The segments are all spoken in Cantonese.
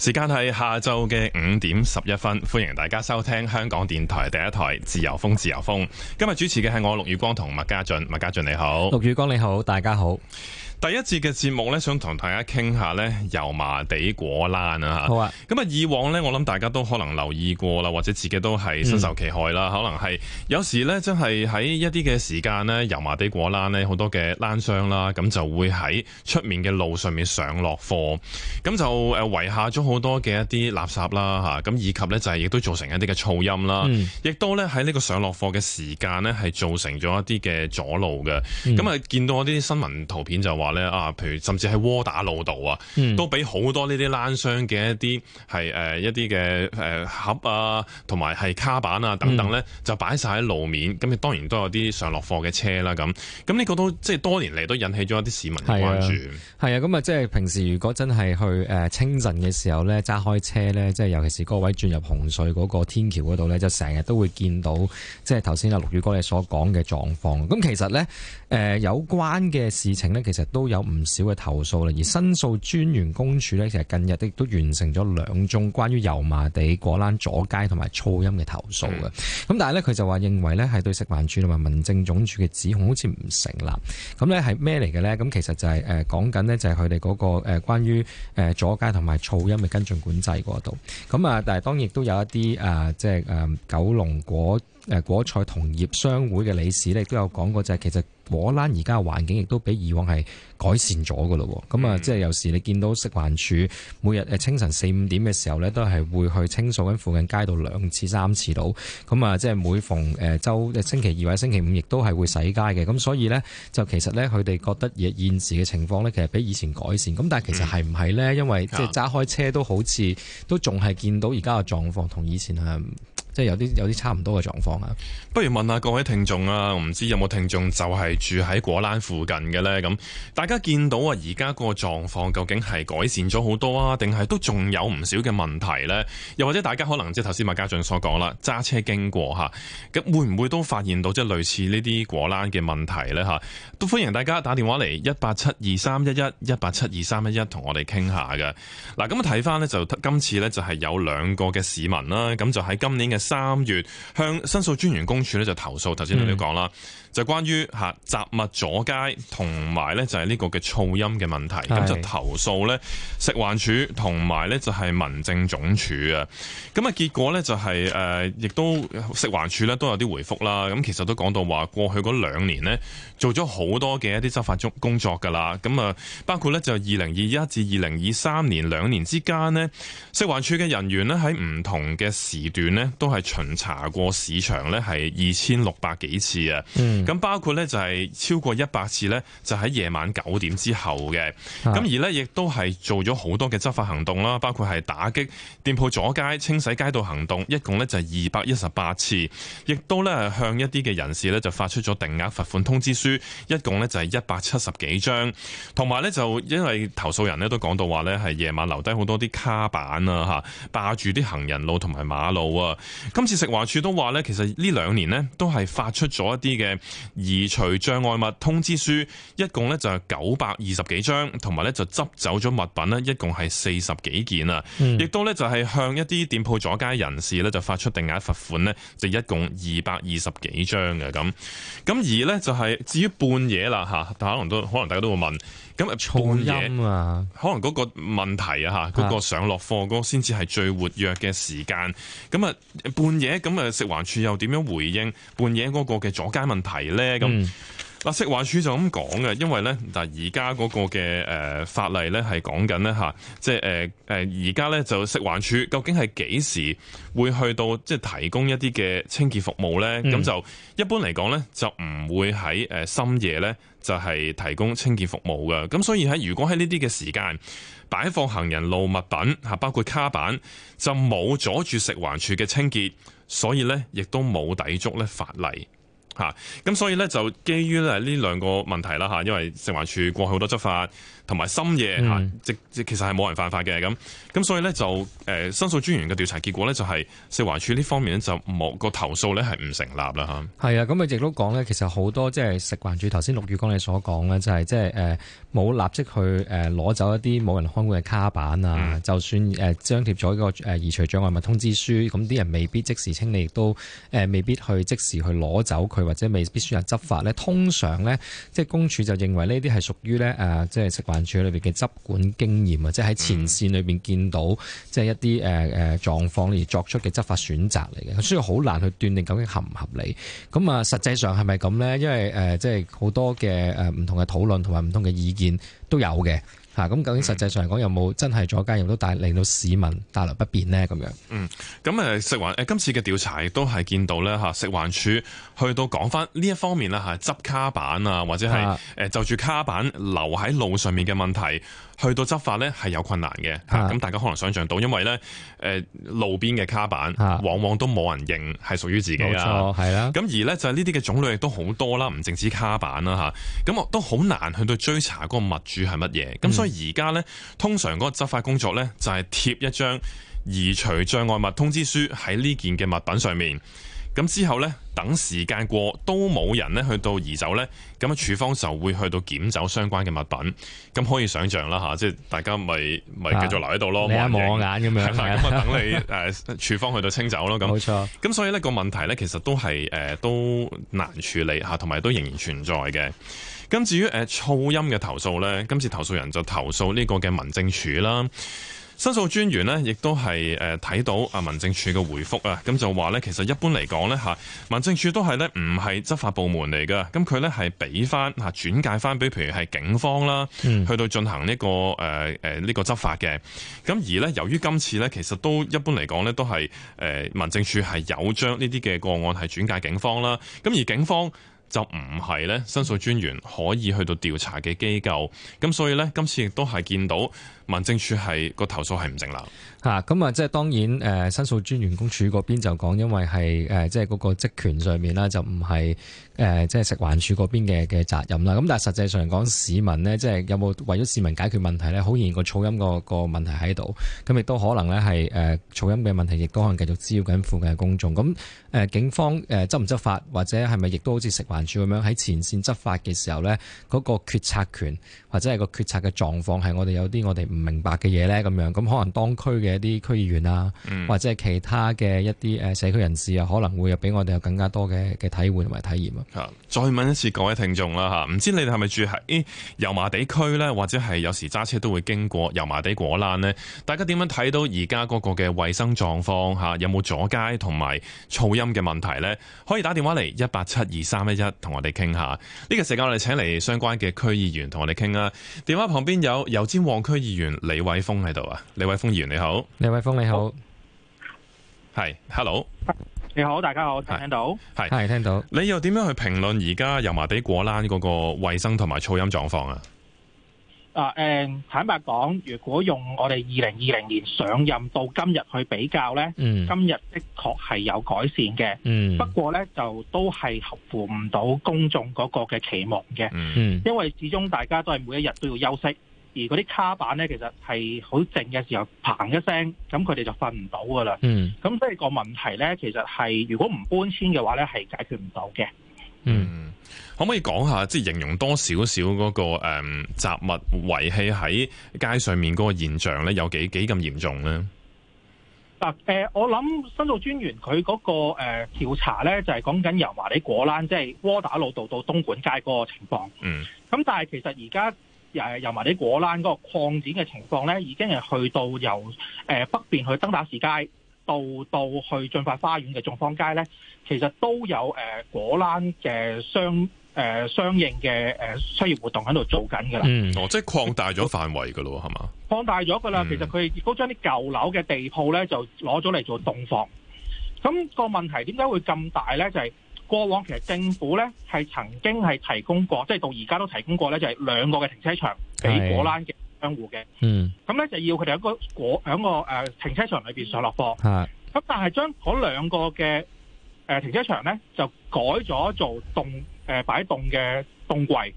時間係下晝嘅五點十一分，歡迎大家收聽香港電台第一台自由風自由風。今日主持嘅係我陸宇光同麥家俊，麥家俊你好，陸宇光你好，大家好。第一節嘅節目咧，想同大家傾下咧油麻地果欄啊吓好啊！咁啊，以往咧，我諗大家都可能留意過啦，或者自己都係深受其害啦、嗯。可能係有時咧，真係喺一啲嘅時間咧，油麻地果欄咧，好多嘅欄商啦，咁就會喺出面嘅路上面上落貨，咁就誒遺下咗好多嘅一啲垃圾啦吓，咁以及咧就係亦都造成一啲嘅噪音啦，亦都咧喺呢個上落貨嘅時間咧係造成咗一啲嘅阻路嘅。咁、嗯、啊，見到一啲新聞圖片就話。啊，譬如甚至喺窩打老道啊、嗯，都俾好多呢啲欄箱嘅一啲係誒一啲嘅誒盒啊，同埋係卡板啊等等咧、嗯，就擺晒喺路面。咁你當然都有啲上落貨嘅車啦。咁咁呢個都即係多年嚟都引起咗一啲市民嘅關注。係啊，咁啊，即係平時如果真係去誒、呃、清晨嘅時候咧，揸開車咧，即係尤其是各位轉入洪水嗰個天橋嗰度咧，就成日都會見到即係頭先阿陸宇哥你所講嘅狀況。咁其實咧誒、呃、有關嘅事情咧，其實都～都有唔少嘅投訴啦，而申訴專員公署呢，其實近日亦都完成咗兩宗關於油麻地果欄阻街同埋噪音嘅投訴嘅。咁、嗯、但係呢，佢就話認為呢，係對食環署同埋民政總署嘅指控好似唔成立。咁呢，係咩嚟嘅呢？咁其實就係誒講緊呢，就係佢哋嗰個誒關於誒阻街同埋噪音嘅跟進管制嗰度。咁、呃、啊，但係當然亦都有一啲誒即係誒九龍果。誒果菜同業商會嘅理事咧，都有講過，就係其實果欄而家嘅環境亦都比以往係改善咗嘅咯。咁、嗯、啊，即係有時你見到食環署每日誒清晨四五點嘅時候呢，都係會去清掃緊附近街道兩次、三次到。咁啊，即係每逢誒週星期二或者星期五，亦都係會洗街嘅。咁所以呢，就其實呢，佢哋覺得嘢現時嘅情況呢，其實比以前改善。咁但係其實係唔係呢、嗯？因為即係揸開車都好似都仲係見到而家嘅狀況同以前係。即係有啲有啲差唔多嘅狀況啊！不如問下各位聽眾啊，我唔知有冇聽眾就係住喺果欄附近嘅呢。咁，大家見到啊而家個狀況究竟係改善咗好多啊，定係都仲有唔少嘅問題呢吓？又或者大家可能即係頭先馬家俊所講啦，揸車經過吓，咁會唔會都發現到即係類似呢啲果欄嘅問題呢？都歡迎大家打電話嚟一八七二三一一一八七二三一一，同我哋傾下嘅。嗱，咁睇翻呢，就今次呢，就係有兩個嘅市民啦，咁就喺今年嘅。三月向申訴專員公署咧就投訴，頭先同你講啦。嗯就關於嚇、啊、雜物阻街同埋咧，就呢、是、個嘅噪音嘅問題，咁就投訴咧食環署同埋咧就係、是、民政總署啊。咁啊結果咧就係、是、誒，亦、呃、都食環署咧都有啲回覆啦。咁其實都講到話，過去嗰兩年呢做咗好多嘅一啲執法工作噶啦。咁啊包括咧就二零二一至二零二三年兩年之間呢，食環署嘅人員呢喺唔同嘅時段呢都係巡查過市場呢係二千六百幾次啊。嗯咁包括呢就係超過一百次呢就喺夜晚九點之後嘅。咁而呢亦都係做咗好多嘅執法行動啦，包括係打擊店鋪阻街、清洗街道行動，一共呢就係二百一十八次。亦都呢向一啲嘅人士呢就發出咗定額罰款通知書，一共呢就係一百七十幾張。同埋呢，就因為投訴人呢都講到話呢係夜晚留低好多啲卡板啊嚇，霸住啲行人路同埋馬路啊。今次食環署都話呢，其實呢兩年呢都係發出咗一啲嘅。移除障礙物通知書一共咧就係九百二十幾張，同埋咧就執走咗物品呢，一共係四十幾件啊、嗯！亦都咧就係向一啲店鋪阻街人士咧就發出定額罰款咧，就一共二百二十幾張嘅咁。咁而咧就係至於半夜啦吓，但可能都可能大家都會問。咁啊、那個那個，半夜啊，可能嗰個問題啊，嗰個上落貨嗰個先至係最活躍嘅時間。咁啊，半夜咁啊，食環署又點樣回應半夜嗰個嘅阻街問題咧？咁。嗱，食環署就咁講嘅，因為咧，但而家嗰個嘅誒法例咧係講緊咧吓，即係而家咧就食環署究竟係幾時會去到即係提供一啲嘅清潔服務咧？咁、嗯、就一般嚟講咧，就唔會喺深夜咧就係提供清潔服務嘅。咁所以喺如果喺呢啲嘅時間擺放行人路物品，包括卡板，就冇阻住食環署嘅清潔，所以咧亦都冇抵觸咧法例。咁、啊、所以咧就基於咧呢兩個問題啦，因為食環署過去好多執法。同埋深夜即即其實係冇人犯法嘅咁，咁、嗯、所以呢，就誒、呃、申訴專員嘅調查結果呢，就係食環署呢方面呢，就冇、那個投訴呢，係唔成立啦嚇。係、嗯、啊，咁佢亦都講呢，其實好多即係食環署頭先陸宇剛六月光你所講呢，就係即係誒冇立即去誒攞、呃、走一啲冇人看管嘅卡板啊、嗯，就算誒、呃、張貼咗一個誒移除障礙物通知書，咁啲人未必即時清理，亦都誒、呃、未必去即時去攞走佢，或者未必需要執法呢，通常呢，即係公署就認為呢啲係屬於呢，誒、呃，即係食環。處裏邊嘅執管經驗啊，即係喺前線裏邊見到，即係一啲誒誒狀況而作出嘅執法選擇嚟嘅，所以好難去斷定究竟合唔合理。咁啊，實際上係咪咁呢？因為誒，即係好多嘅誒唔同嘅討論同埋唔同嘅意見都有嘅。嗱、啊，咁究竟實際上嚟講有冇，有冇真係阻街，亦都帶令到市民帶來不便呢？咁樣，嗯，咁食環今次嘅調查亦都係見到咧食環署，去到講翻呢一方面啦嚇，執卡板啊，或者係就住卡板留喺路上面嘅問題，去到執法咧係有困難嘅咁，啊、大家可能想像到，因為咧路邊嘅卡板，啊，往往都冇人認係屬於自己啦。咁而咧就係呢啲嘅種類亦都好多啦，唔淨止卡板啦，咁我都好難去到追查嗰個物主係乜嘢，咁所以。而家呢，通常嗰個執法工作呢，就係、是、貼一張移除障礙物通知書喺呢件嘅物品上面。咁之後呢，等時間過都冇人呢去到移走呢。咁啊處方就會去到檢走相關嘅物品。咁可以想像啦嚇，即係大家咪咪繼續留喺度咯，望、啊、一眼咁樣嘅。咁啊等你誒、 呃、處方去到清走咯。咁冇錯。咁所以呢個問題呢，其實都係誒、呃、都難處理嚇，同埋都仍然存在嘅。咁至於、呃、噪音嘅投訴咧，今次投訴人就投訴呢個嘅民政處啦。申訴專員呢，亦都係誒睇到啊民政處嘅回覆啊，咁就話咧，其實一般嚟講咧嚇，民政處都係咧唔係執法部門嚟㗎。咁佢咧係俾翻嚇轉介翻俾，譬如係警方啦、嗯，去到進行呢、呢個誒呢、呃呢個執法嘅。咁而呢，由於今次呢，其實都一般嚟講呢都係誒、呃、民政處係有將呢啲嘅個案係轉介警方啦。咁、啊、而警方。就唔係咧，申訴專員可以去到調查嘅機構，咁所以呢，今次亦都係見到，民政署係個投訴係唔成立嚇，咁啊，即係當然誒，申訴專員公署嗰邊就講，因為係誒，即係嗰個職權上面啦，就唔係誒，即係食環署嗰邊嘅嘅責任啦。咁但係實際上講，市民呢，即係有冇為咗市民解決問題呢？好然個噪音個個問題喺度，咁亦都可能呢係誒噪音嘅問題，亦都可能繼續滋擾緊附近嘅公眾。咁誒警方誒執唔執法，或者係咪亦都好似食環署咁樣喺前線執法嘅時候呢，嗰、嗰個決策權？或者係個決策嘅狀況係我哋有啲我哋唔明白嘅嘢呢。咁樣，咁可能當區嘅一啲區議員啊，嗯、或者係其他嘅一啲社區人士啊，可能會有俾我哋有更加多嘅嘅體會同埋體驗啊、嗯！再問一次各位聽眾啦嚇，唔知你哋係咪住喺油麻地區呢？或者係有時揸車都會經過油麻地果欄呢？大家點樣睇到而家嗰個嘅衛生狀況、啊、有冇阻街同埋噪音嘅問題呢？可以打電話嚟一八七二三一一，同我哋傾下。呢、呢個時間我哋請嚟相關嘅區議員同我哋傾電話旁邊有油尖旺區議員李偉峰喺度啊，李偉峰議員你好，李偉峰你好，係，oh，hello，你好，大家好，係聽到，係，係聽到，你又點樣去評論而家油麻地果欄嗰個衛生同埋噪音狀況啊？啊、嗯，坦白講，如果用我哋二零二零年上任到今日去比較呢、嗯、今日的確係有改善嘅、嗯。不過呢，就都係合乎唔到公眾嗰個嘅期望嘅、嗯，因為始終大家都係每一日都要休息，而嗰啲卡板呢，其實係好靜嘅時候聲，嘭一聲，咁佢哋就瞓唔到噶啦。咁所以個問題呢，其實係如果唔搬遷嘅話呢，係解決唔到嘅。嗯。可唔可以講下，即係形容多少少嗰個誒、嗯、雜物遺棄喺街上面嗰個現象咧，有幾幾咁嚴重咧？嗱，誒，我諗申訴專員佢嗰個誒調查咧，就係講緊油麻地果欄，即係窩打老道到東莞街嗰個情況。嗯。咁但係其實而家誒油麻地果欄嗰個擴展嘅情況咧，已經係去到由誒北邊去登打士街到到去駿發花園嘅眾坊街咧，其實都有誒果欄嘅商。誒、呃，相應嘅誒，商業活動喺度做緊噶啦，嗯，哦，即係擴大咗範圍噶咯，係嘛？擴大咗噶啦，其實佢亦都將啲舊樓嘅地鋪咧，就攞咗嚟做凍房。咁、那個問題點解會咁大咧？就係、是、過往其實政府咧係曾經係提供過，即、就、係、是、到而家都提供過咧，就係、是、兩個嘅停車場俾果欄嘅商戶嘅。嗯。咁咧就要佢哋喺個果喺個誒停車場裏邊上落貨。係。咁但係將嗰兩個嘅誒停車場咧就改咗做凍。誒，擺凍嘅凍櫃，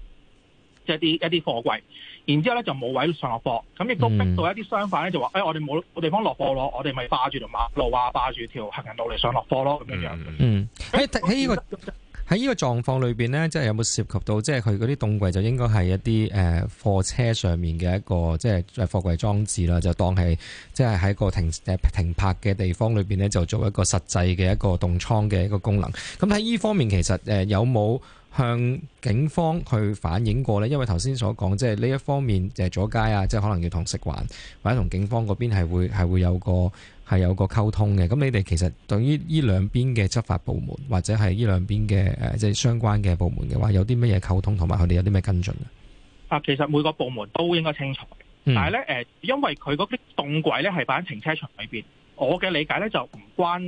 即係啲一啲貨櫃，然之後咧就冇位上落貨，咁亦都逼到一啲商販咧就話，誒、嗯哎，我哋冇地方落貨咯，我哋咪霸住條馬路啊，霸住條行人路嚟上落貨咯，咁、嗯、樣樣。嗯，喺喺呢個。喺呢個狀況裏邊呢，即係有冇涉及到？即係佢嗰啲凍櫃就應該係一啲誒、呃、貨車上面嘅一個即係貨櫃裝置啦，就當係即係喺一個停停泊嘅地方裏邊呢，就做一個實際嘅一個凍倉嘅一個功能。咁喺呢方面，其實誒、呃、有冇向警方去反映過呢，因為頭先所講，即係呢一方面，係阻街啊，即係可能要同食環或者同警方嗰邊係會係會有個係有個溝通嘅。咁你哋其實對於呢兩邊嘅執法部門或者係呢兩邊嘅誒即係相關嘅部門嘅話，有啲乜嘢溝通，同埋佢哋有啲咩跟進啊？啊，其實每個部門都應該清楚，嗯、但係咧誒因為佢嗰啲凍櫃咧係擺喺停車場裏邊，我嘅理解咧就唔關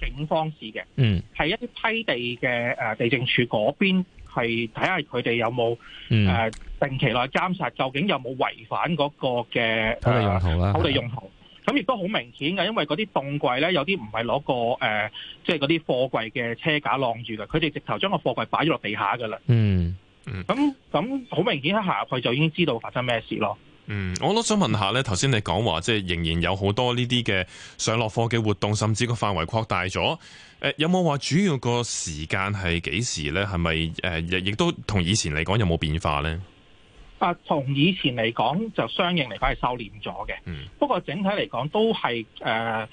警方事嘅，嗯，係一啲批地嘅誒地政署嗰邊。係睇下佢哋有冇誒定期內監察，究竟有冇違反嗰個嘅土地用途啦。土、啊、地用途咁亦都好明顯嘅，因為嗰啲凍櫃咧有啲唔係攞個誒，即係嗰啲貨櫃嘅車架晾住嘅，佢哋直頭將個貨櫃擺咗落地下嘅啦。嗯嗯，咁咁好明顯一行入去就已經知道發生咩事咯。嗯，我都想問下咧，頭先你講話即係仍然有好多呢啲嘅上落貨嘅活動，甚至個範圍擴大咗。誒，有冇話主要個時間係幾時呢？係咪誒，亦都同以前嚟講有冇變化呢？啊，從以前嚟講就相應嚟講係收斂咗嘅。不過整體嚟講都係誒，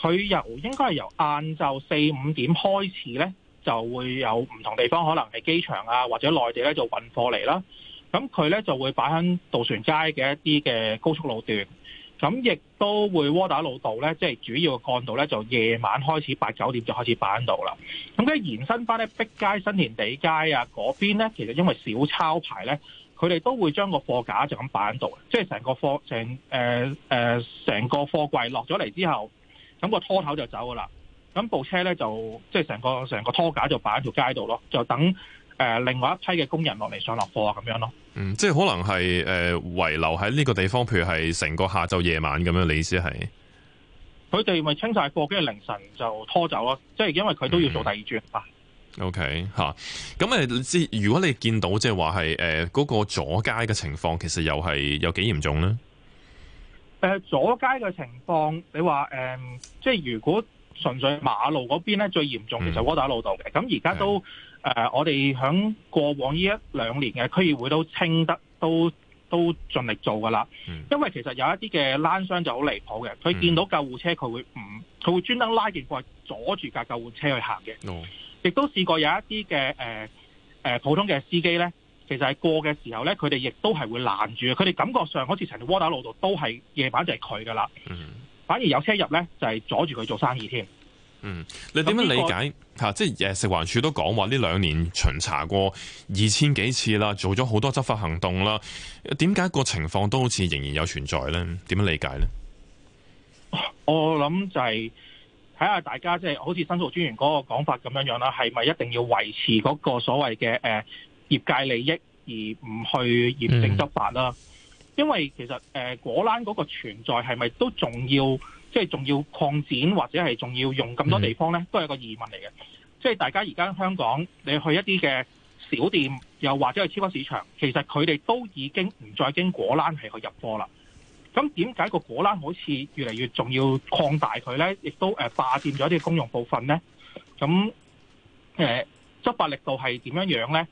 佢、呃、由應該係由晏晝四五點開始呢，就會有唔同地方可能係機場啊或者內地呢做運貨嚟啦。咁佢呢，就會擺喺渡船街嘅一啲嘅高速路段。咁亦都會窩打老道咧，即係主要幹道咧，就夜晚開始八九點就開始擺喺度啦。咁跟延伸翻咧碧街新田地街啊嗰邊咧，其實因為小抄牌咧，佢哋都會將個貨架就咁擺喺度，即係成個貨成誒誒成個貨櫃落咗嚟之後，咁個拖頭就走噶啦。咁部車咧就即係成個成個拖架就擺喺條街度咯，就等。誒、呃，另外一批嘅工人落嚟上落貨啊，咁樣咯。嗯，即係可能係誒，遺、呃、留喺呢個地方，譬如係成個下晝夜晚咁樣。你意思係？佢哋咪清晒貨，跟住凌晨就拖走啦。即係因為佢都要做第二轉。O K，吓，咁、啊、誒、okay, 啊呃，如果你見到即係話係誒，嗰、呃那個阻街嘅情況，其實又係有幾嚴重呢？誒、呃，阻街嘅情況，你話誒、呃，即係如果純粹馬路嗰邊咧最嚴重，其實窩打老道嘅。咁而家都。誒、呃，我哋喺過往呢一兩年嘅區議會都清得都都盡力做㗎啦、嗯。因為其實有一啲嘅欄商就好離譜嘅，佢、嗯、見到救護車佢會唔佢會專登拉件貨去阻住架救護車去行嘅。亦、哦、都試過有一啲嘅誒普通嘅司機呢，其實係過嘅時候呢，佢哋亦都係會攔住。佢哋感覺上好似成條窩打老道都係夜晚就係佢㗎啦。反而有車入呢，就係、是、阻住佢做生意添。嗯，你點樣理解吓？即係誒，食環署都講話呢兩年巡查過二千幾次啦，做咗好多執法行動啦。點解個情況都好似仍然有存在呢？點樣理解呢？我諗就係睇下大家即係、就是、好似申訴專員嗰個講法咁樣樣啦，係咪一定要維持嗰個所謂嘅誒、呃、業界利益而唔去嚴正執法啦、嗯？因為其實誒、呃、果欄嗰個存在係咪都重要？即係仲要擴展或者係仲要用咁多地方咧，都係一個疑問嚟嘅。即係大家而家香港，你去一啲嘅小店，又或者係超級市場，其實佢哋都已經唔再經果欄係去入貨啦。咁點解個果欄好似越嚟越重要，擴大佢咧，亦都誒霸佔咗啲公用部分咧？咁誒、呃、執法力度係點樣樣咧？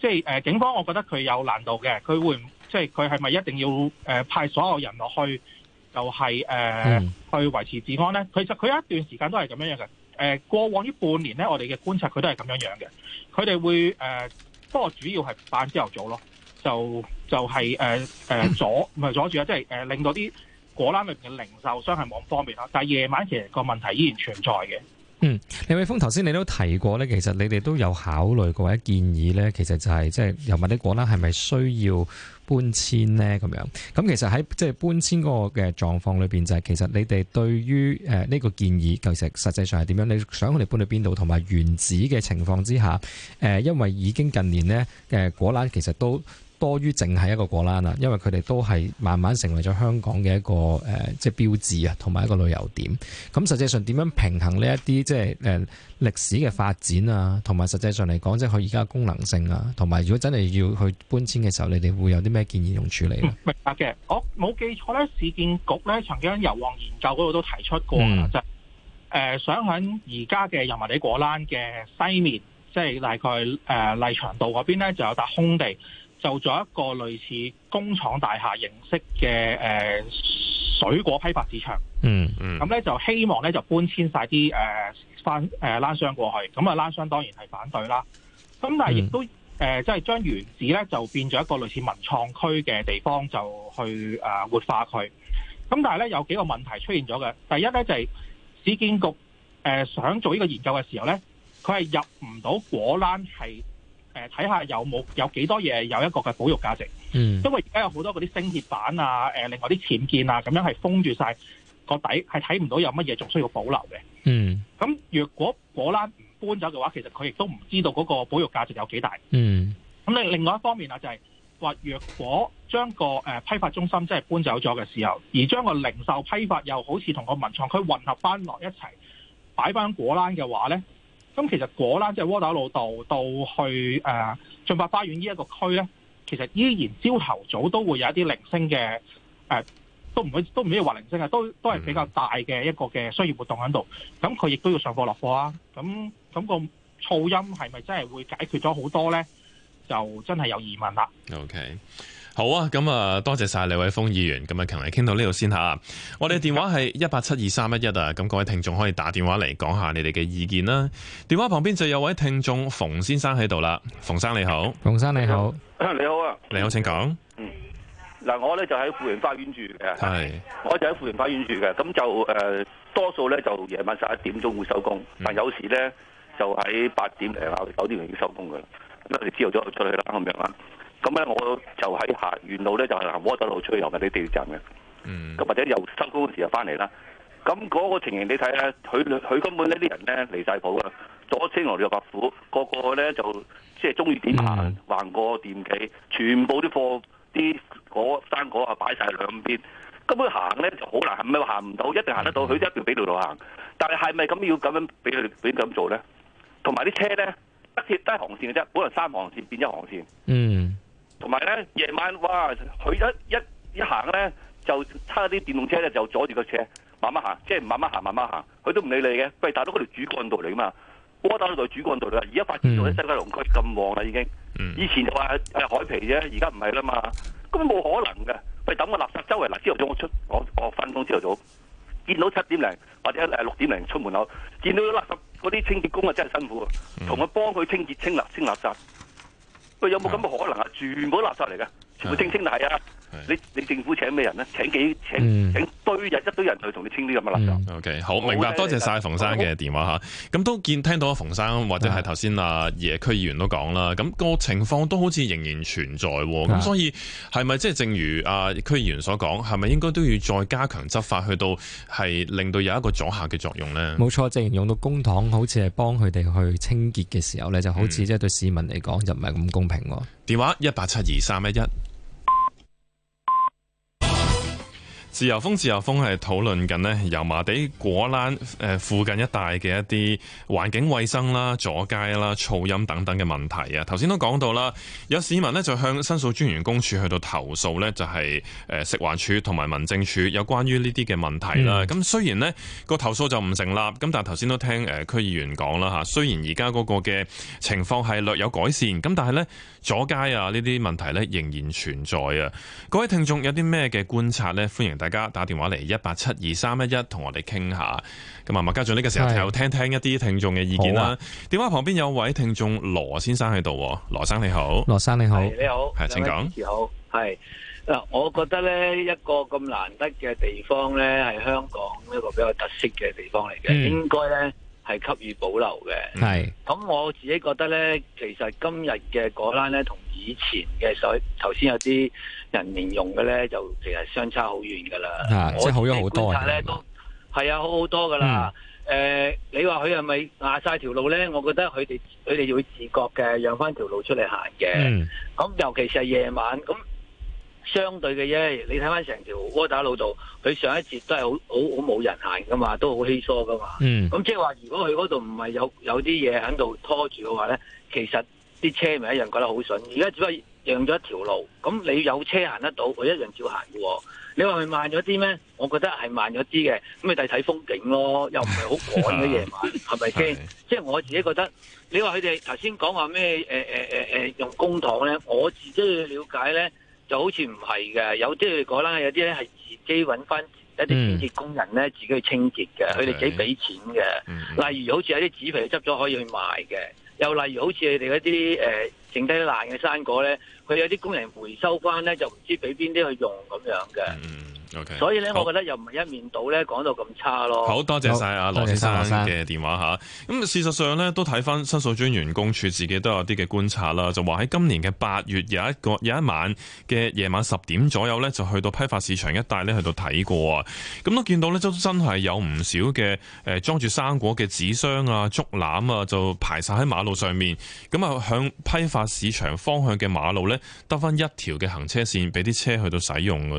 即係、呃、警方，我覺得佢有難度嘅，佢會即係佢係咪一定要、呃、派所有人落去？就係、是、誒、呃嗯、去維持治安咧，其實佢有一段時間都係咁樣樣嘅。誒、呃、過往呢半年咧，我哋嘅觀察佢都係咁樣樣嘅。佢哋會誒、呃，不過主要係晚朝頭早咯，就就係誒誒阻唔係阻住啊，即係誒令到啲果欄入邊嘅零售商係冇咁方便啦，但係夜晚其實個問題依然存在嘅。嗯，李偉峰，頭先你都提過咧，其實你哋都有考慮過或者建議咧，其實就係即係油麻地啲果欄係咪需要搬遷咧咁樣？咁其實喺即係搬遷嗰個嘅狀況裏邊，就係、是、其實你哋對於誒呢、呃這個建議，其實實際上係點樣？你想我哋搬去邊度？同埋原址嘅情況之下，誒、呃，因為已經近年咧，誒、呃、果欄其實都。多於淨係一個果欄啊，因為佢哋都係慢慢成為咗香港嘅一個誒、呃，即係標誌啊，同埋一個旅遊點。咁實際上點樣平衡呢一啲即係誒、呃、歷史嘅發展啊，同埋實際上嚟講，即係佢而家功能性啊，同埋如果真係要去搬遷嘅時候，你哋會有啲咩建議用處理？啊、明白嘅，我冇記錯咧，市建局咧曾經喺油旺研究嗰度都提出過，嗯、就誒、呃、想喺而家嘅油麻地果欄嘅西面，即、就、係、是、大概誒麗、呃、翔道嗰邊咧就有笪空地。就做一個類似工廠大廈形式嘅誒、呃、水果批發市場，嗯嗯，咁、嗯、咧就希望咧就搬遷晒啲誒翻誒欄商過去，咁啊欄商當然係反對啦。咁、嗯嗯、但係亦都誒即係將原址咧就變咗一個類似文創區嘅地方，就去誒、呃、活化佢。咁但係咧有幾個問題出現咗嘅，第一咧就係、是、市建局、呃、想做呢個研究嘅時候咧，佢係入唔到果欄係誒、呃，睇下有冇有幾多嘢有一個嘅保育價值。嗯，因為而家有好多嗰啲星鐵板啊，誒、呃，另外啲僭建啊，咁樣係封住晒個底，係睇唔到有乜嘢仲需要保留嘅。嗯，咁若果果欄唔搬走嘅話，其實佢亦都唔知道嗰個保育價值有幾大。嗯，咁另外一方面啊，就係話若果將個、呃、批發中心即係搬走咗嘅時候，而將個零售批發又好似同個文創區混合翻落一齊擺翻果欄嘅話咧？咁其實果欄即係窩打老道到去誒駿發花園呢一個區咧，其實依然朝頭早都會有一啲零星嘅誒，都唔會都唔至於話零星啊，都都係比較大嘅一個嘅商業活動喺度。咁佢亦都要上課落課啊。咁咁個噪音係咪真係會解決咗好多咧？就真係有疑問啦。OK。好啊，咁、嗯、啊，多謝晒李偉峰議員，咁啊，強黎傾到呢度先吓。我哋電話係一八七二三一一啊，咁各位聽眾可以打電話嚟講下你哋嘅意見啦。電話旁邊就有位聽眾馮先生喺度啦，馮生你好，馮生你好，你好啊，你好，請講。嗱、嗯，我咧就喺、是、富榮花園住嘅，係，我就喺富榮花園住嘅，咁就誒、呃，多數咧就夜晚十一點鐘會收工，嗯、但有時咧就喺八點零啊九點零收工㗎喇，咁我哋之後再出去啦，咁樣。咁咧我就喺行原路咧，就係行窏德路出去入嗰啲地鐵站嘅。嗯。咁或者又收工嗰時又翻嚟啦。咁嗰個情形你睇咧，佢佢根本呢啲人咧離曬譜啊！左青龍，右白虎，個個咧就即係中意點行橫過店企，全部啲貨啲果生果啊擺晒兩邊，根本行咧就好難，係咪行唔到？一定行得到，佢、嗯、都、嗯、一定俾路路行。但係係咪咁要咁樣俾佢俾咁做咧？同埋啲車咧，得鐵低行線嘅啫，本嚟三行線變咗一行線。嗯。唔係咧，夜晚哇，佢一一一行咧，就差啲電動車咧就阻住個車，慢慢行，即係唔慢慢行，慢慢行，佢都唔理你嘅，因係大到嗰條主幹道嚟噶嘛，波打到去主幹道啦。而家發展到喺西九龍區咁旺啦，已經，以前就話係海皮啫，而家唔係啦嘛，根本冇可能嘅。佢抌個垃圾周圍嗱，朝頭早我出我我返工朝頭早，見到七點零或者六點零出門口，見到垃圾嗰啲清潔工啊，真係辛苦啊，同佢幫佢清潔清垃，清垃圾。喂，有冇咁嘅可能啊？是全部都是垃圾嚟嘅，全部清清晒啊！你你政府請咩人咧？請幾請、嗯、請堆人一堆人去同你清呢咁嘅垃圾。O K，好明白，多謝晒馮生嘅電話吓。咁、哦、都見聽，聽到啊，馮生或者係頭先啊野區議員都講啦。咁、嗯那個情況都好似仍然存在，咁、嗯、所以係咪即係正如啊區議員所講，係咪應該都要再加強執法，去到係令到有一個阻嚇嘅作用呢？冇錯，既然用到公帑，好似係幫佢哋去清潔嘅時候咧、嗯，就好似即係對市民嚟講就唔係咁公平。電話一八七二三一一。自由風，自由風係討論緊咧油麻地果欄誒附近一帶嘅一啲環境衛生啦、阻街啦、噪音等等嘅問題啊！頭先都講到啦，有市民咧就向申訴專員公署去到投訴呢就係誒食環署同埋民政處有關於呢啲嘅問題啦。咁、嗯、雖然呢個投訴就唔成立，咁但係頭先都聽誒區議員講啦嚇，雖然而家嗰個嘅情況係略有改善，咁但係呢阻街啊呢啲問題呢仍然存在啊！各位聽眾有啲咩嘅觀察呢？歡迎。大家打電話嚟一八七二三一一，同我哋傾下。咁啊，麥家俊呢個時候聽聽聽一啲聽眾嘅意見啦、啊。電話旁邊有位聽眾羅先生喺度，羅生你好，羅生你好，你好，係請講。你好，係嗱，我覺得呢一個咁難得嘅地方呢，係香港一個比較特色嘅地方嚟嘅、嗯，應該呢。係給予保留嘅，係咁我自己覺得咧，其實今日嘅果欄咧，同以前嘅所頭先有啲人形容嘅咧，就其實相差好遠噶啦，嚇、啊，即係好咗好多、啊、都係啊，好好多噶啦。誒、嗯呃，你話佢係咪壓晒條路咧？我覺得佢哋佢哋會自覺嘅，讓翻條路出嚟行嘅。咁、嗯、尤其是係夜晚咁。相對嘅啫，你睇翻成條窩打老道，佢上一節都係好好好冇人行噶嘛，都好稀疏噶嘛。嗯。咁即係話，如果佢嗰度唔係有有啲嘢喺度拖住嘅話咧，其實啲車咪一樣覺得好順。而家只不過讓咗一條路，咁你有車行得到，佢一樣照行嘅喎。你話佢慢咗啲咩？我覺得係慢咗啲嘅。咁你第睇風景咯，又唔係好趕嘅夜晚，係咪先？即係、就是、我自己覺得，你話佢哋頭先講話咩？誒誒誒誒，用公帑咧，我自己去了解咧。就好似唔係嘅，有啲嚟講啦，有啲咧係自己揾翻一啲清潔工人咧，自己去清潔嘅，佢、mm. 哋自己俾錢嘅。Okay. Mm-hmm. 例如好似有啲紙皮執咗可以去賣嘅，又例如好似你哋嗰啲誒剩低啲爛嘅生果咧，佢有啲工人回收翻咧，就唔知俾邊啲去用咁樣嘅。Mm. Okay, 所以咧，我覺得又唔係一面倒咧，講到咁差咯。好多謝晒啊，羅先生嘅電話吓。咁事實上呢，都睇翻申訴專員公署自己都有啲嘅觀察啦，就話喺今年嘅八月有一個有一晚嘅夜晚十點左右呢，就去到批發市場一帶呢去到睇過。咁都見到呢，都真係有唔少嘅誒裝住生果嘅紙箱啊、竹籃啊，就排晒喺馬路上面。咁啊，向批發市場方向嘅馬路呢，得翻一條嘅行車線俾啲車去到使用嘅。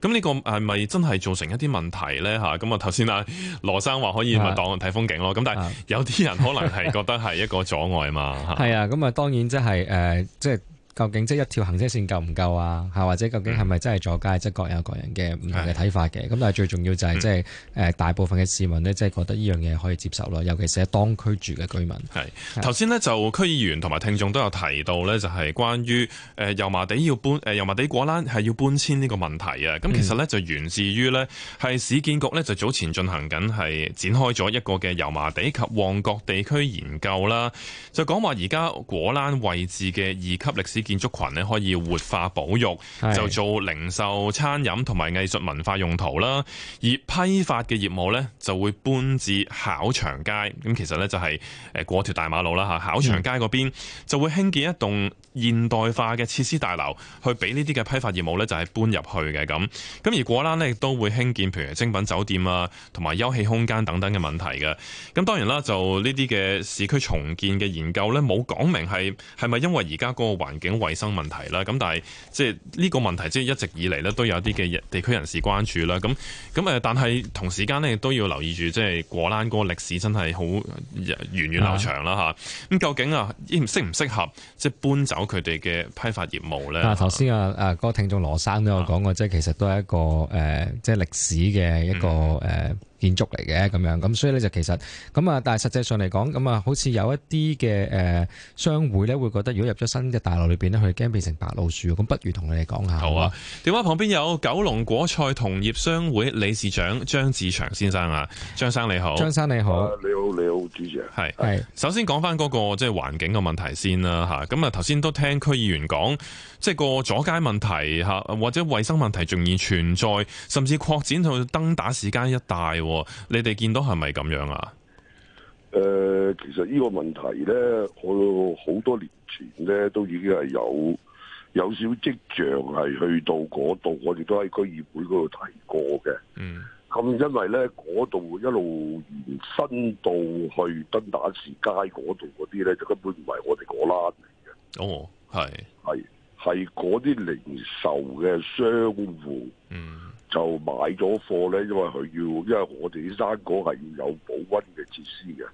咁呢個。係咪真係造成一啲問題咧嚇？咁啊，頭先啊，羅生話可以咪當睇風景咯，咁、啊、但係有啲人可能係覺得係一個阻礙嘛嚇。係 啊，咁啊當然即係誒即係。呃就是究竟即係一條行車線夠唔夠啊？吓、嗯、或者究竟係咪真係坐街？即各有各人嘅唔同嘅睇法嘅。咁但係最重要就係即係誒大部分嘅市民咧，即係覺得呢樣嘢可以接受咯，尤其是喺當區住嘅居民。係頭先咧就區議員同埋聽眾都有提到咧，就係、是、關於誒、呃、油麻地要搬、誒、呃、油麻地果欄係要搬遷呢個問題啊。咁其實咧就源自於咧係市建局咧就早前進行緊係展開咗一個嘅油麻地及旺角地區研究啦，就講話而家果欄位置嘅二級歷史。建築群呢可以活化保育，就做零售、餐飲同埋藝術文化用途啦。而批發嘅業務呢就會搬至考場街。咁其實呢，就係誒過條大馬路啦嚇，考場街嗰邊就會興建一棟現代化嘅設施大樓，去俾呢啲嘅批發業務呢，就係搬入去嘅咁。咁而果欄呢亦都會興建譬如精品酒店啊，同埋休憩空間等等嘅問題嘅。咁當然啦，就呢啲嘅市區重建嘅研究呢，冇講明係係咪因為而家嗰個環境衛生問題啦，咁但係即係呢個問題，即係一直以嚟咧都有啲嘅地區人士關注啦，咁咁誒，但係同時間咧亦都要留意住，即係果欄嗰個歷史真係好源遠流長啦吓，咁、啊、究竟啊，適唔適合即係搬走佢哋嘅批發業務咧？啊，頭先啊，誒、嗰，個聽眾羅生都有講過，即、啊、係其實都係一個誒、呃，即係歷史嘅一個誒。嗯建築嚟嘅咁樣，咁所以呢，就其實咁啊，但係實際上嚟講，咁啊，好似有一啲嘅誒商會呢，會覺得如果入咗新嘅大樓裏邊呢，佢驚變成白老鼠，咁不如同你哋講下。好啊，電話旁邊有九龍果菜同業商會理事長張志祥先生啊，張生你好，張生你好，啊，你好，你好你好，主席，係係。首先講翻嗰個即係環境嘅問題先啦吓，咁啊頭先都聽區議員講，即係個阻街問題嚇，或者衞生問題仍然存在，甚至擴展到登打士街一帶。哦、你哋見到係咪咁樣啊？誒、呃，其實呢個問題咧，我好多年前咧都已經係有有少跡象係去到嗰度，我哋都喺區議會嗰度提過嘅。嗯，咁因為咧嗰度一路延伸到去登打士街嗰度嗰啲咧，就根本唔係我哋果欄嚟嘅。哦，係係係嗰啲零售嘅商戶。嗯。就買咗貨咧，因為佢要，因為我哋啲生果係要有保溫嘅設施嘅。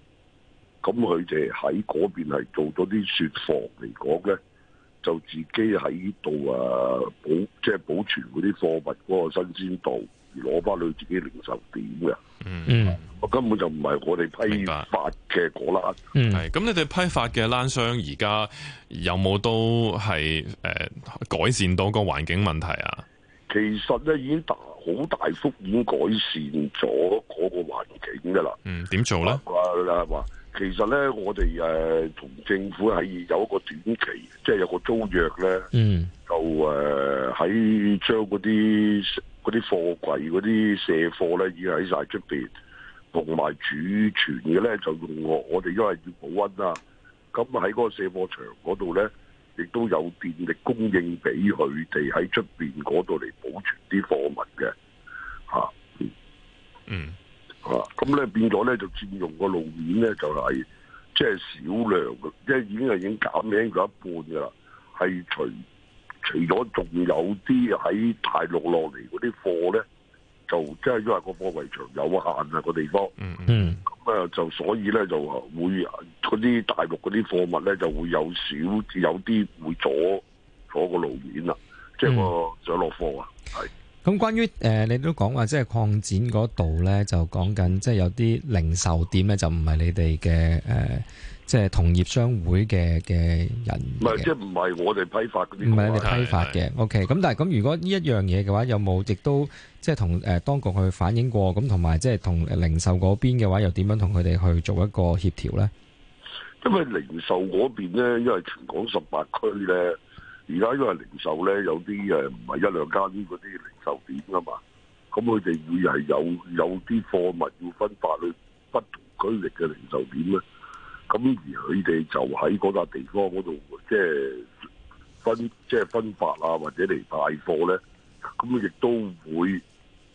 咁佢哋喺嗰邊係做咗啲雪房嚟講咧，就自己喺度誒保，即、就、係、是、保存嗰啲貨物嗰個新鮮度，攞翻去自己零售點嘅。嗯，我根本就唔係我哋批發嘅果欄。係咁，嗯，你哋批發嘅欄商，而家有冇都係誒、呃、改善到個環境問題啊？其實咧已經大好大幅已經改善咗嗰個環境㗎啦。嗯，點做咧？啊，話其實咧，我哋誒同政府係有一個短期，即係有個租約咧。嗯。就誒喺將嗰啲啲貨櫃嗰啲卸貨咧，已經喺晒出邊，同埋儲存嘅咧，就用我我哋因為要保溫啊。咁喺嗰個卸貨場嗰度咧。亦都有電力供應俾佢哋喺出邊嗰度嚟保存啲貨物嘅，嚇、啊嗯，嗯，啊，咁咧變咗咧就佔用個路面咧就係即係少量，即係已經係已經減輕咗一半噶啦，係除除咗仲有啲喺大陸落嚟嗰啲貨咧，就即係、就係、因為個貨櫃場有限啊、個地方，嗯。嗯。就所以咧，就話會嗰啲大陸嗰啲貨物咧，就會有少有啲會阻阻個路面啦、嗯，即係個上落貨啊。係。咁、嗯、關於誒、呃，你都講話即係擴展嗰度咧，就講緊即係有啲零售店咧，就唔係你哋嘅誒。即係同業商會嘅嘅人唔係，唔係即係唔係我哋批發嗰啲，唔係我哋批發嘅。OK，咁但係咁，如果呢一樣嘢嘅話，有冇亦都即係同誒當局去反映過？咁同埋即係同零售嗰邊嘅話，又點樣同佢哋去做一個協調咧？因為零售嗰邊咧，因為全港十八區咧，而家因為零售咧有啲誒唔係一兩間嗰啲零售點噶嘛，咁佢哋會係有有啲貨物要分發去不同區域嘅零售點咧。咁而佢哋就喺嗰笪地方嗰度，即係分即係分發啊，或者嚟帶貨咧，咁亦都會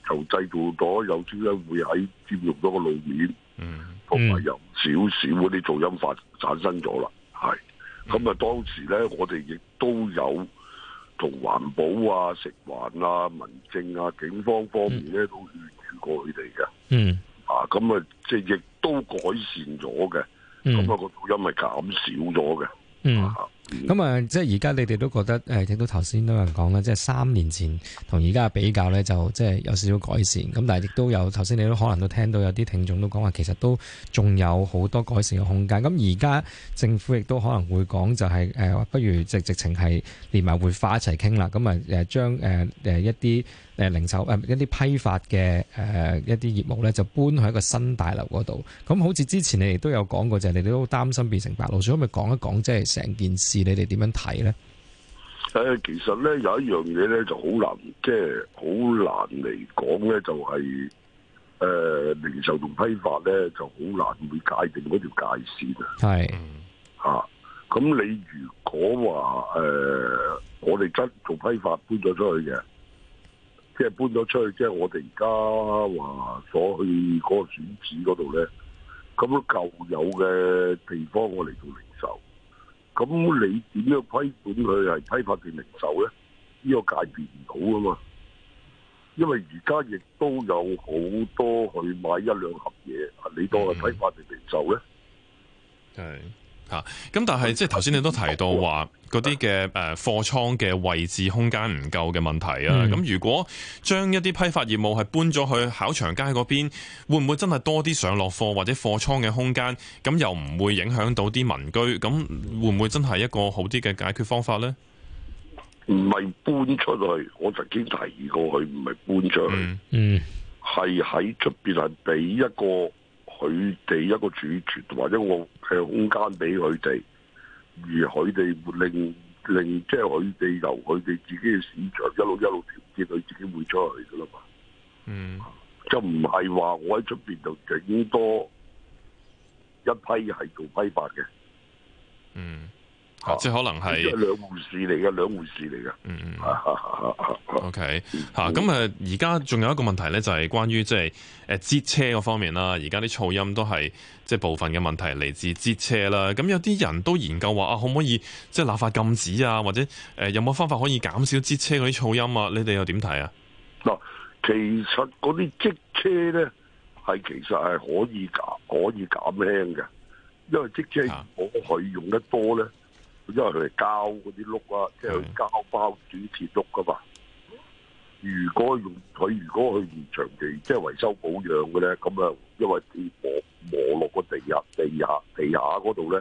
就製造咗有啲咧，會喺佔用咗個路面，嗯，同埋有少少嗰啲噪音發產生咗啦，係、嗯。咁啊，當時咧，我哋亦都有同環保啊、食環啊、民政啊、警方方面咧，都勸住過佢哋嘅，嗯，啊，咁啊，即係亦都改善咗嘅。咁啊，個噪音係減少咗嘅。嗯，咁、嗯、啊、嗯嗯，即係而家你哋都覺得，誒，聽到頭先都有人講啦，即係三年前同而家比較咧，就即係有少少改善。咁但係亦都有頭先你都可能都聽到有啲聽眾都講話，其實都仲有好多改善嘅空間。咁而家政府亦都可能會講、就是，就係不如直直情係連埋會花一齊傾啦。咁啊將誒、呃、一啲。誒，零售誒一啲批發嘅誒、呃、一啲業務咧，就搬去一個新大樓嗰度。咁好似之前你哋都有講過，就係你哋都擔心變成白老鼠，可唔可以講一講即係成件事你哋點樣睇咧、呃？其實咧，有一樣嘢咧就好難，即係好難嚟講咧，就係、是、誒、呃、零售同批發咧就好難會界定嗰條界線咁、啊、你如果話誒、呃，我哋真做批發搬咗出去嘅。即係搬咗出去，即係我哋而家話所謂嗰個選址嗰度咧，咁舊有嘅地方我嚟做零售，咁你點樣批判佢係批發定零售咧？呢、這個界定唔到啊嘛，因為而家亦都有好多去買一兩盒嘢，你當係批發定零售咧？係、嗯。吓，咁但係即係頭先你都提到話嗰啲嘅誒貨倉嘅位置空間唔夠嘅問題啊，咁、嗯、如果將一啲批發業務係搬咗去考場街嗰邊，會唔會真係多啲上落貨或者貨倉嘅空間？咁又唔會影響到啲民居？咁會唔會真係一個好啲嘅解決方法呢？唔係搬出去，我曾經提過，去，唔係搬出去，嗯，係喺出邊係俾一個。佢哋一個儲存，或者我嘅空間俾佢哋，而佢哋會令令即係佢哋由佢哋自己嘅市場一路一路調節佢自己會出去㗎喇嘛，嗯，就唔係話我喺出邊就整多一批係做批發嘅，嗯。即係可能係兩回事嚟嘅，兩回事嚟嘅。嗯、 okay. 嗯，吓吓吓 OK，吓咁啊！而家仲有一個問題咧，就係、是、關於即係誒積車嗰方面啦。而家啲噪音都係即係部分嘅問題嚟自積車啦。咁有啲人都研究話啊，可唔可以即係、就是、立法禁止啊？或者誒、呃，有冇方法可以減少積車嗰啲噪音啊？你哋又點睇啊？嗱，其實嗰啲積車咧，係其實係可以減可以減輕嘅，因為積車我佢、啊、用得多咧。因為佢係膠嗰啲轆啊，即係膠包住啲鐵轆噶嘛。如果用佢，佢如果佢唔長期即係維修保養嘅咧，咁啊，因為你磨磨落個地下、地下、地下嗰度咧，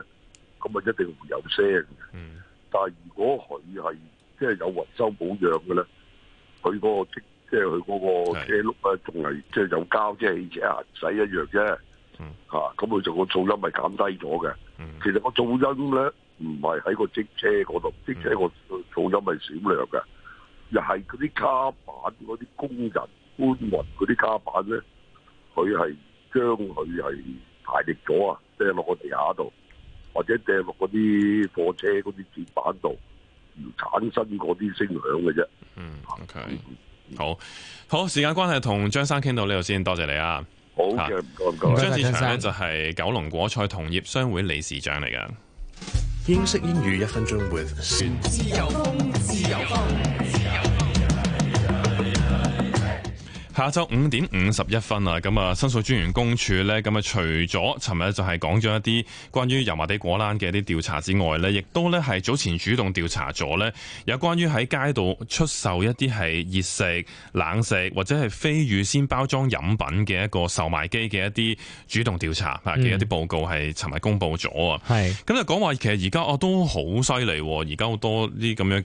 咁啊一定會有聲、嗯。但係如果佢係即係有維修保養嘅咧，佢嗰、嗰個即係佢嗰個車轆、就是嗯、啊，仲係即係有膠，即係汽車鞋仔一樣啫。吓，咁佢就個噪音咪減低咗嘅。其實個噪音咧，唔係喺個唧車嗰度，唧車個噪音係少量嘅，又係嗰啲卡板嗰啲工人搬運嗰啲卡板咧，佢係將佢係大力咗啊，掟落個地下度，或者掟落嗰啲貨車嗰啲鐵板度，而產生嗰啲聲響嘅啫。嗯，OK，好好，時間關係，同張生傾到呢度先，多謝，謝你啊。好嘅，唔該。張志祥咧就係九龍果菜同業商會理事長嚟嘅。英式英語一分鐘 with。下晝五點五十一分啊！咁啊，申訴專員公署咧，咁啊，除咗尋日就係講咗一啲關於油麻地果欄嘅一啲調查之外咧，亦都咧係早前主動調查咗咧，有關於喺街度出售一啲係熱食、冷食或者係非預先包裝飲品嘅一個售賣機嘅一啲主動調查啊嘅一啲報告係尋日公布咗啊！係咁啊，講話其實而家啊都好犀利，而家好多啲咁樣嘅誒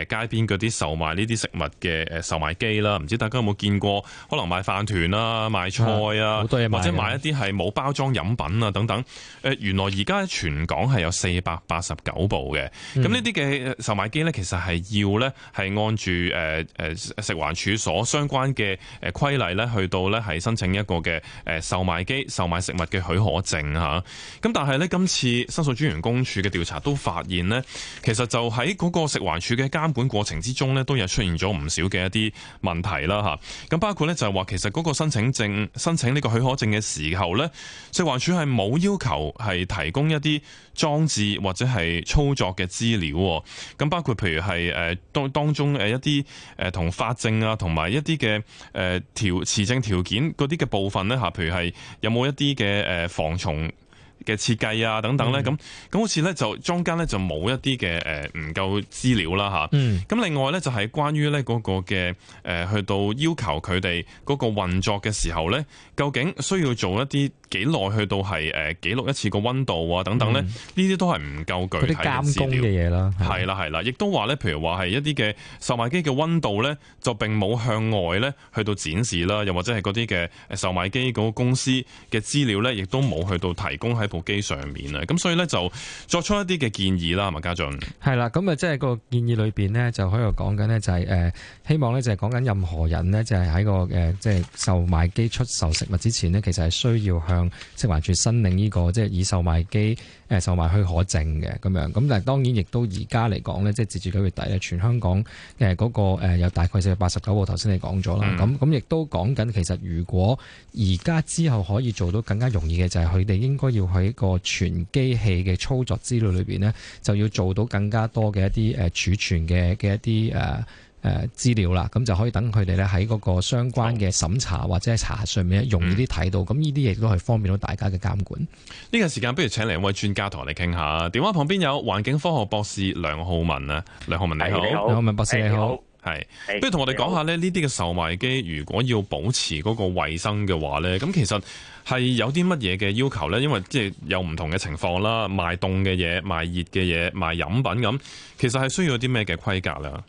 街邊嗰啲售賣呢啲食物嘅誒售賣機啦，唔知大家有冇見過？可能賣飯糰啊、賣菜啊，啊買，或者買一啲係冇包裝飲品啊等等。誒，原來而家全港係有四百八十九部嘅，咁呢啲嘅售賣機呢，其實係要呢係按住誒誒食環署所相關嘅誒規例呢去到呢係申請一個嘅誒售賣機售賣食物嘅許可證吓。咁但係呢，今次申訴專員公署嘅調查都發現呢，其實就喺嗰個食環署嘅監管過程之中呢，都有出現咗唔少嘅一啲問題啦吓。咁包。包括咧就係話，其實嗰個申請證、申請呢個許可證嘅時候呢，食環署係冇要求係提供一啲裝置或者係操作嘅資料。咁包括譬如係誒當當中誒一啲誒同法證啊，同埋一啲嘅誒條持證條件嗰啲嘅部分呢。吓，譬如係有冇一啲嘅誒防蟲。嘅設計啊等等咧，咁、嗯、咁好似咧就中間咧就冇一啲嘅誒唔夠資料啦嚇。咁、啊嗯、另外咧就係、是、關於咧嗰個嘅、呃、去到要求佢哋嗰個運作嘅時候咧，究竟需要做一啲幾耐去到係誒記錄一次個溫度啊等等咧？呢、嗯、啲都係唔夠具體嘅資料。監工嘅嘢啦，係啦係啦，亦都話咧，譬如話係一啲嘅售賣機嘅溫度咧，就並冇向外咧去到展示啦，又或者係嗰啲嘅售賣機嗰個公司嘅資料咧，亦都冇去到提供喺部機上面啊。咁所以咧就作出一啲嘅建議啦，阿家俊。係啦，咁啊即係個建議裏邊呢，就喺度講緊呢，就係誒希望咧就係講緊任何人呢，就係、是、喺個誒即係售賣機出售食物之前呢，其實係需要向向食環署申領呢個即係以售賣機誒售賣許可證嘅咁樣，咁但係當然亦都而家嚟講呢，即係截至九月底咧，全香港誒嗰個誒有大概四百八十九部，頭先你講咗啦，咁咁亦都講緊，其實如果而家之後可以做到更加容易嘅，就係佢哋應該要喺個全機器嘅操作資料裏邊呢，就要做到更加多嘅一啲誒儲存嘅嘅一啲誒。誒，資料啦，咁就可以等佢哋咧喺嗰個相關嘅審查或者查上面容易啲睇到，咁呢啲嘢都係方便到大家嘅監管。呢、嗯這個時間不如請嚟一位專家同我哋傾下。電話旁邊有環境科學博士梁浩文啊，梁浩文你好，哎、你好，梁浩文博士、哎、你好，係，不如同我哋講下咧呢啲嘅售賣機如果要保持嗰個衛生嘅話咧，咁其實係有啲乜嘢嘅要求咧？因為即係有唔同嘅情況啦，賣凍嘅嘢，賣熱嘅嘢，賣飲品咁，其實係需要啲咩嘅規格啦？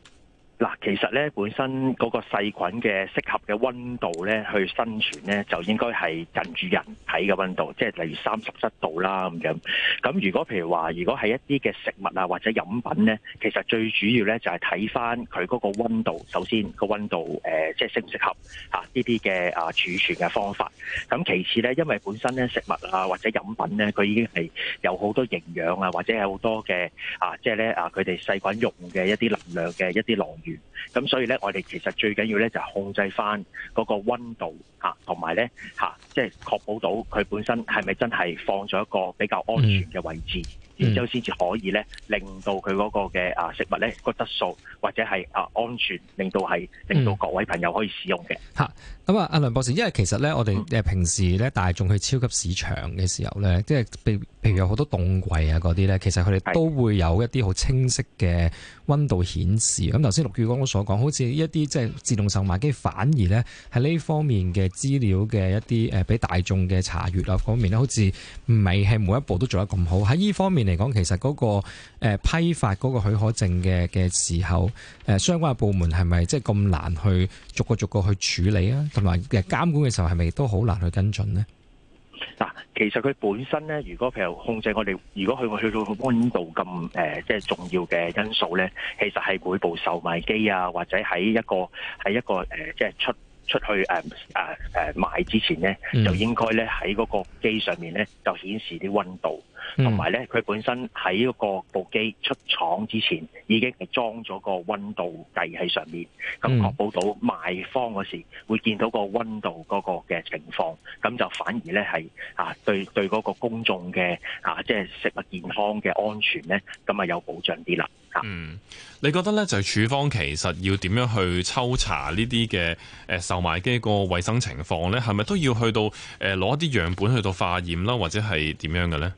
嗱，其實咧本身嗰個細菌嘅適合嘅溫度咧，去生存咧就應該係近住人體嘅溫度，即係例如三十七度啦咁樣。咁如果譬如話，如果係一啲嘅食物啊或者飲品咧，其實最主要咧就係睇翻佢嗰個溫度，首先個溫度誒即係適唔適合嚇呢啲嘅啊儲存嘅方法。咁其次咧，因為本身咧食物啊或者飲品咧，佢已經係有好多營養啊，或者有好多嘅啊，即係咧啊佢哋細菌用嘅一啲能量嘅一啲來源。咁所以咧，我哋其實最緊要咧就係控制翻嗰個溫度吓，同埋咧吓，即係確保到佢本身係咪真係放咗一個比較安全嘅位置。然之後先至可以咧，令到佢嗰個嘅啊食物咧個質素或者係啊安全，令到係令到各位朋友可以使用嘅。吓、嗯，咁、嗯、啊，阿梁博士，因為其實咧，我哋誒平時咧，大眾去超級市場嘅時候咧，即係譬譬如有好多凍櫃啊嗰啲咧，其實佢哋都會有一啲好清晰嘅溫度顯示。咁頭先陸宇剛所講，好似一啲即係自動售賣機，反而咧喺呢方面嘅資料嘅一啲誒俾大眾嘅查閱啊方面咧，好似唔係係每一步都做得咁好喺呢方面。嚟講，其實嗰個批發嗰個許可證嘅嘅時候，誒相關嘅部門係咪即係咁難去逐個逐個去處理啊？同埋嘅監管嘅時候係咪都好難去跟進呢？嗱，其實佢本身咧，如果譬如控制我哋，如果去去到個温度咁誒，即係重要嘅因素咧，其實係每部售賣機啊，或者喺一個喺一個誒，即係出出去誒誒誒賣之前咧，就應該咧喺嗰個機上面咧就顯示啲温度。同埋咧，佢本身喺嗰個部機出廠之前已經係裝咗個温度計喺上面，咁、嗯、確保到賣方嗰時會見到個温度嗰個嘅情況，咁就反而咧係啊，對對嗰個公眾嘅啊，即係食物健康嘅安全咧，咁啊有保障啲啦嚇。嗯，你覺得咧就係署方其實要點樣去抽查呢啲嘅誒售賣機個衛生情況咧？係咪都要去到攞、呃、一啲樣本去到化驗啦，或者係點樣嘅咧？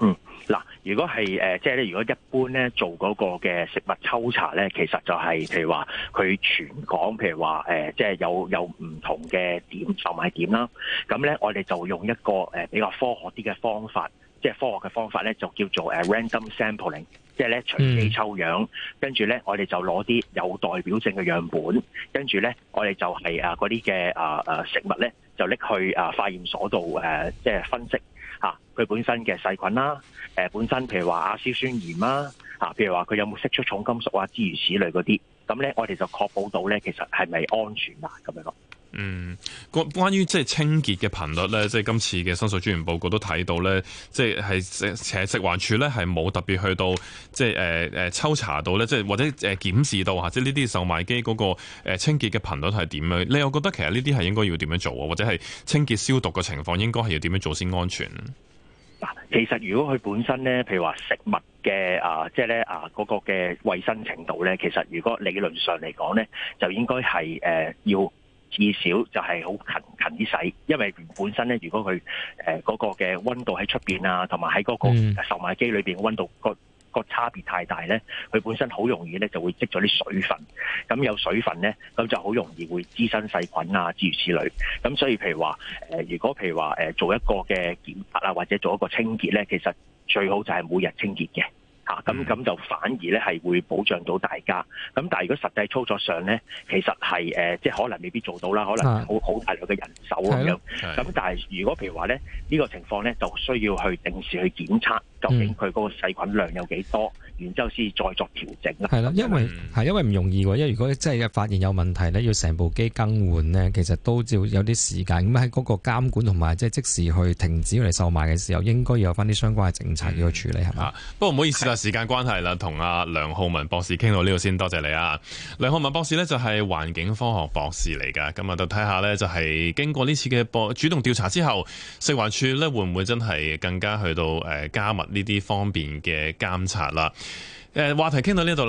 嗯，嗱，如果係誒、呃，即係咧，如果一般咧做嗰個嘅食物抽查咧，其實就係、是、譬如話佢全港，譬如話誒、呃，即係有有唔同嘅點售賣點啦，咁咧我哋就用一個誒、呃、比較科學啲嘅方法，即係科學嘅方法咧，就叫做誒 random sampling，即係咧隨機抽樣，跟住咧我哋就攞啲有代表性嘅樣本，跟住咧我哋就係啊嗰啲嘅啊食物咧就拎去啊化驗所度誒、呃、即係分析。嚇、啊，佢本身嘅細菌啦、啊，誒、呃、本身譬如話亞硝酸、啊、鹽啦，嚇，譬如話佢有冇釋出重金屬啊，諸如此類嗰啲，咁咧我哋就確保到咧，其實係咪安全啊咁樣咯。嗯，關關於即係清潔嘅頻率呢，即係今次嘅申訴專員報告都睇到呢，即係係其實食環署呢，係冇特別去到即係誒誒抽查到呢，即係或者誒檢視到或者呢啲售賣機嗰個誒清潔嘅頻率係點樣的？你又覺得其實呢啲係應該要點樣做啊？或者係清潔消毒嘅情況應該係要點樣做先安全？嗱，其實如果佢本身呢，譬如話食物嘅啊，即係咧啊，嗰個嘅衛生程度呢，其實如果理論上嚟講呢，就應該係誒要。至少就係好勤勤啲洗，因為原本身咧，如果佢誒嗰個嘅溫度喺出面啊，同埋喺嗰個售賣機裏面，溫度個個差別太大咧，佢本身好容易咧就會積咗啲水分，咁有水分咧，咁就好容易會滋生細菌啊，諸如此類。咁所以譬如話誒，如果譬如話做一個嘅檢測啊，或者做一個清潔咧，其實最好就係每日清潔嘅。咁、啊、咁就反而咧係會保障到大家。咁但係如果實際操作上咧，其實係誒、呃，即係可能未必做到啦，可能好好大量嘅人手咁、啊、樣。咁但係如果譬如話咧，呢、呢個情況咧就需要去定時去檢測。究竟佢嗰個細菌量有幾多、嗯，然之後先再作調整啦。係啦，因為，係、嗯、因為唔容易喎，因為如果真係發現有問題咧，要成部機更換咧，其實都要有啲時間，咁喺嗰個監管同埋即係即時去停止佢嚟售賣嘅時候，應該要有翻啲相關嘅政策要去處理，係、嗯、嘛？不過唔好意思啦，時間關係啦，同阿梁浩文博士傾到呢度先，多謝、謝你啊！梁浩文博士咧就係環境科學博士嚟㗎，咁啊，就睇下咧就係經過呢次嘅播主動調查之後，食環署咧會唔會真係更加去到誒加密？呢啲方面嘅監察啦，誒、呃、話題傾到呢度。